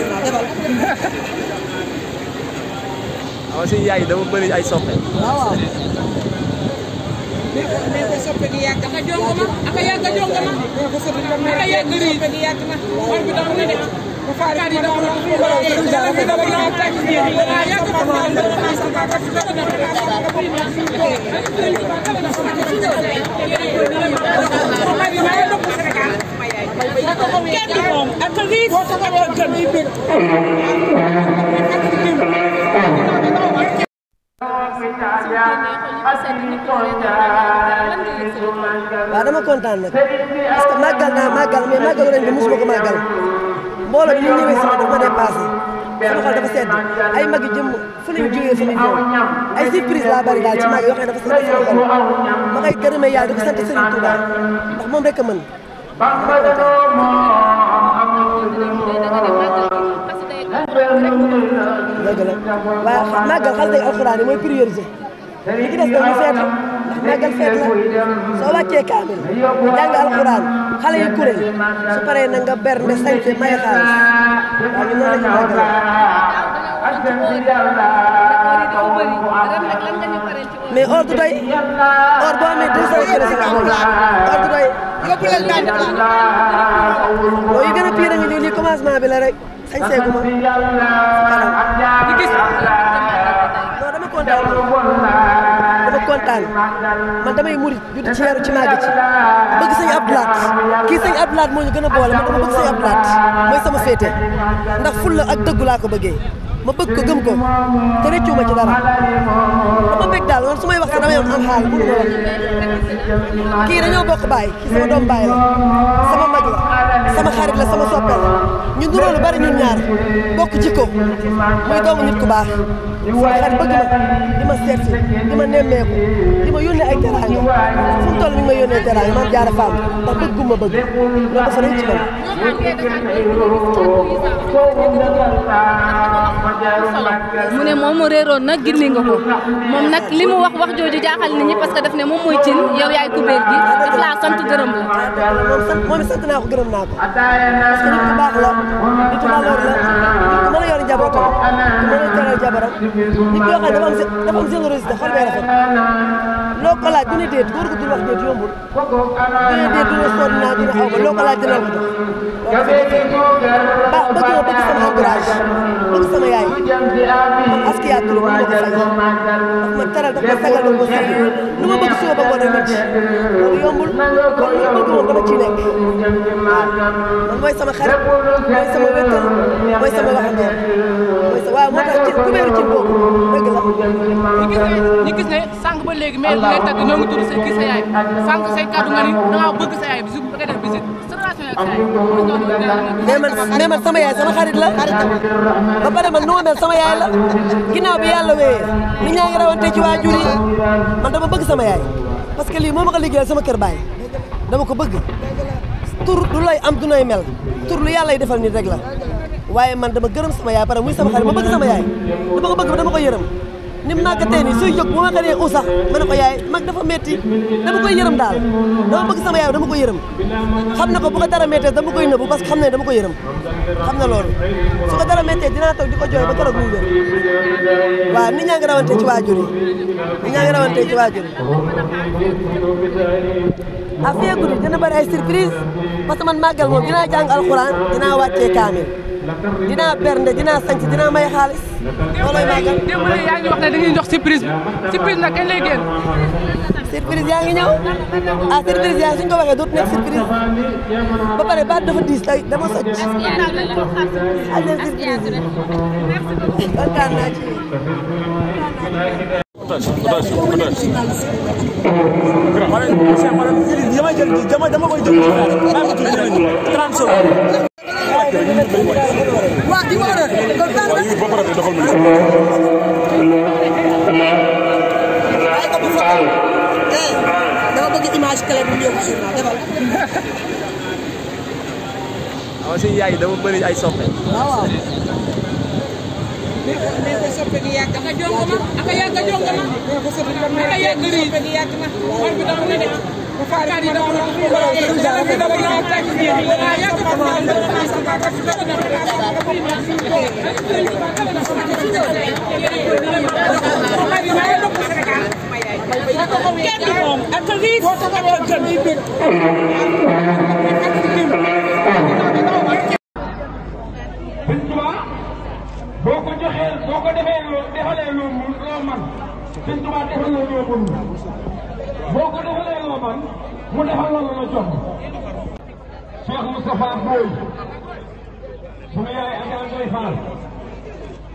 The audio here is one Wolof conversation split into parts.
waaw suñu yaay dama bëri ay soppe. waaw waaw. nee ko nee ko soppe gi yàgg na jongo ma aka yàgg jongo ma. nee ko soppe gi yàgg na. xol bi daw na de. faar yi daw na xol bi daw na tàkk bi yàgg na xol bi daw na. kenn du moom ak a riif ak a gëm yi bëgg waaw dama kontaan nag parce que màggal naa màggal mais màggal ren bi mosuma ko màggal mbooloo bi ñu ñëwee sama dafa ma dépassé sama xol dafa sedd ay mag yu jëm fu ñu jógee fu ñu ñëw ay surprise laa bari daal ci mag yoo xam ne dafa sedd sama xol ma koy gërëmee yàlla di ko sant Serigne Touba ndax waaw xam màggal xas day alxuraan yi mooy priorité li ci des dañuy feet ndax màggal feet la soo wàccee kaamil jàng alxuraan xale yi kuréel su paree na nga bernde sañte may xaalis waaw ñu noonu la ñu màggal mais or du doy or boo amee deux cent kilos nga amul or ragal daal gën a pire nga ñëw lii commencement bi la rek sañ seegu ma kanam ñu gis non dama kontaan dama man damay murit judd ci weeru ci màgg ci bëgg sëñ Abdoulaat kii sëñ Abdoulaat moo ñu gën a boole man dama bëgg sëñ Abdoulaat mooy sama féete ndax fulla ak dëggu laa ko bëggee ma bëgg ko gëm ko te rëccu ma ci dara dama bëgg daal man su may wax sax dama yoon am xaal mënu ma wax kii dañoo bokk baay kii sama doom baay la sama mag la sama xarit la sama soppe la ñu nuroo lu bari ñun ñaar bokk jikko muy doomu nit ku baax sama xarit ma di ma seet di ma nemmeeku di ma yónnee ay teraanga fu mu toll mi ngi may yónnee teraanga jaara faam ndax bëgg guma bëgg loolu dafa rëcc man mu ne moom réeroon nag gindi nga ko moom nag li mu wax wax jooju jaaxal nit ñi parce que ne moom mooy cin yow yaay kubéer gi daf laa sant gërëm la. moom sant naa ko gërëm naa ko parce que nit ku baax la a yor a ba bëgg bëgg sama entourage bëgg sama yaay man Askia Touré ma ko sagal daf ma teral daf ma sagal daf ma sagal lu ma bëgg suba ba ngoon a ci loolu yombul kon lu ma bëgg woon dama ciy nekk waaw mooy sama xarit mooy sama wéttal mooy sama waxandoo mooy sa waaw moo tax ci ku weeru ci boobu dëgg la. ñu gis ne ñu gis ne sànq ba léegi mais lay tagg ñoo ngi tudd sa kii sa yaay sànq say kàddu nga ni dangaa bëgg sa yaay bis bu nga def visite mais man mais man sama yaay sama xarit la ba pare man nu ma mel sama yaay la ginnaaw bi yàlla wéyee nit ñaa ngi ci waajur yi man dama bëgg sama yaay parce que lii moo ma ko liggéeyal sama kër baay dama ko bëgg tur du lay am du nay mel tur lu yàlla yi defal nit rek la waaye man dama gërëm sama yaay pare muy sama xarit ma bëgg sama yaay dama ko bëgg dama ko yërëm ni mu màggatee nii suy jóg bu ma xëyee u ma ne ko yaay mag dafa metti dama koy yërëm daal dama bëgg sama yaay dama koy yërëm xam na ko bu ko dara méttee dama koy nëbbu parce que xam ne dama koy yërëm xam na loolu su ko dara méttee dinaa toog di ko jooy ba keroog muy wér waaw nit ñaa ngi rawante ci waajur yi nit ñaa ngi rawante ci waajur yi a feegudi dina bëri ay surprise parce que man màggal moom dinaa jàng alxuraan dinaa wàccee kaamil dinaa bernde dinaa sanc dinaa may xaalis. loolooy màggal démb la yaa ngi wax ne dañuy jox surprise bi surprise nag kañ lay génn. surprise yaa ngi ñëw ah surprise yaa suñ ko waxee dootu nekk surprise ba pare baat dafa diis tey dama socc. ak leen surprise yi kontaan naa ci yéen. dama koy jël 30 secondes waaw ki ma ko def kon tànn waaye ba pare de doxal ma dama bëgg image claire bu ñëw ci journal defal waaw suñu yaay dama bëri ay soppe waaw waaw mais mais ko soppe gi yàgg nga jong ma ak yàgg jong ma ko soppe gi yàgg na xol bi daw na de boo ko defee loo man Sëñ Tuubaa defal la loo mën boo ko defee ma man mu defal la la jox Cheikh Moustapha Boye sunu yaay Adja Ndeye Fall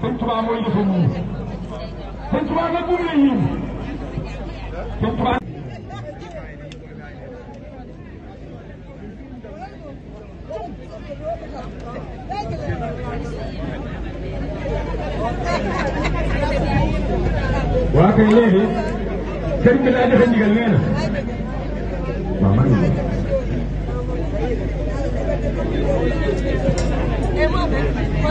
sëñ Tuba mooy defal nii sëñ Tuba nag moom la yiw sëñ Tuba waa kay léegi sëriñ bi laa defe ndigal nee na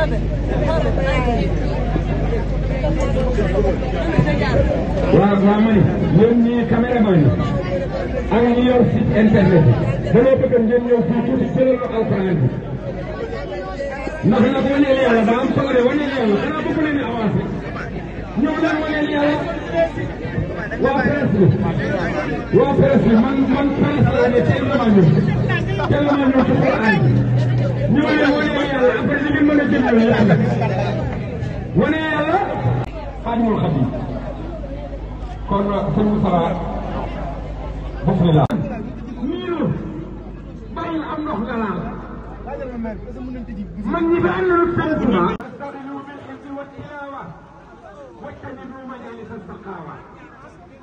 waaw waaw man yéen ñii caméraman yi ak ñi yor site internet bi dañoo bëgg ngeen ñëw fii tuuti jëlal ma alxuraan bi ndax nag waneel yàlla daa am solo de waneel yàlla xanaa bëgg leen avancé ñëw leen waneel yàlla waa presse bi waa presse bi man man presse laa ne teel na maa ñëw teel na maa ñëw ci xuraan bi ñëw leen yàlla yàlla na wane yàlla xaadimul xadim kon sëñ Moussa bismillah. miinu bàyyil am ndox nga naan man ñi fi am na lu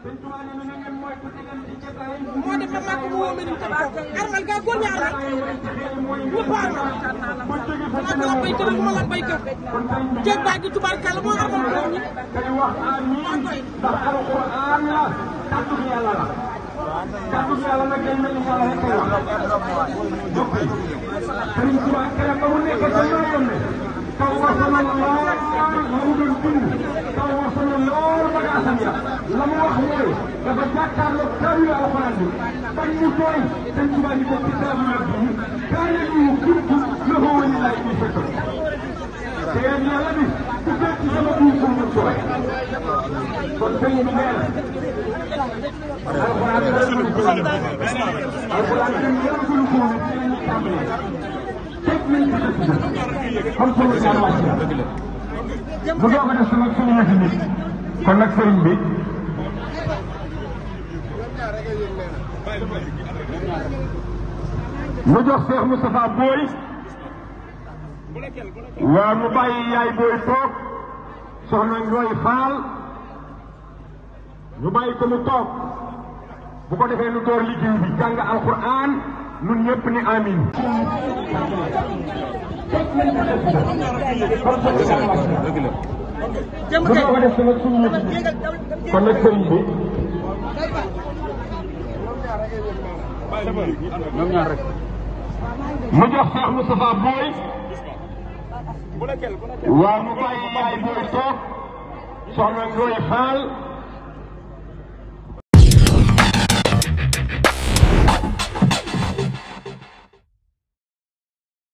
moo def ba màgg mu woo Medina Tabax armal ga góor ñaar la ñëpp a armal man maa béykat ak man béykat jéeg baa ngi tubaarkàlla moo armal góor ñi maa koy. Thank you. la mu wax mooy dafa jàkkaarloog kaamilu alxuraan bi bañ mu tooy sëñ Tuubaa ni ko kitaabu rabbi kaamilu kuntu lahu walillaahi bi fekk te yàlla bi ku fekk ci sama biir pour mu tooy kon sëñ bi nee na alxuraan gërëm ko alxuraan gërëm ko lu ko teg nañ ko xam solo si wax mu doog a def sama suñu yëfi nit kon nag sëriñ bi mu jox Cheikh Moustapha Boye waaw mu bàyyi yaay Boye toog soxna Ndooy Faal ñu bàyyi ko mu toog bu ko defee nu door liggéey bi jàng alquran nun ñëpp ni amin kon nag sëriñ bi ñoom ñaar rek. mu jox Cheikh Moustapha Boye. waaw mu bàyyi Baye Boye toog soxna Ndoye Fall.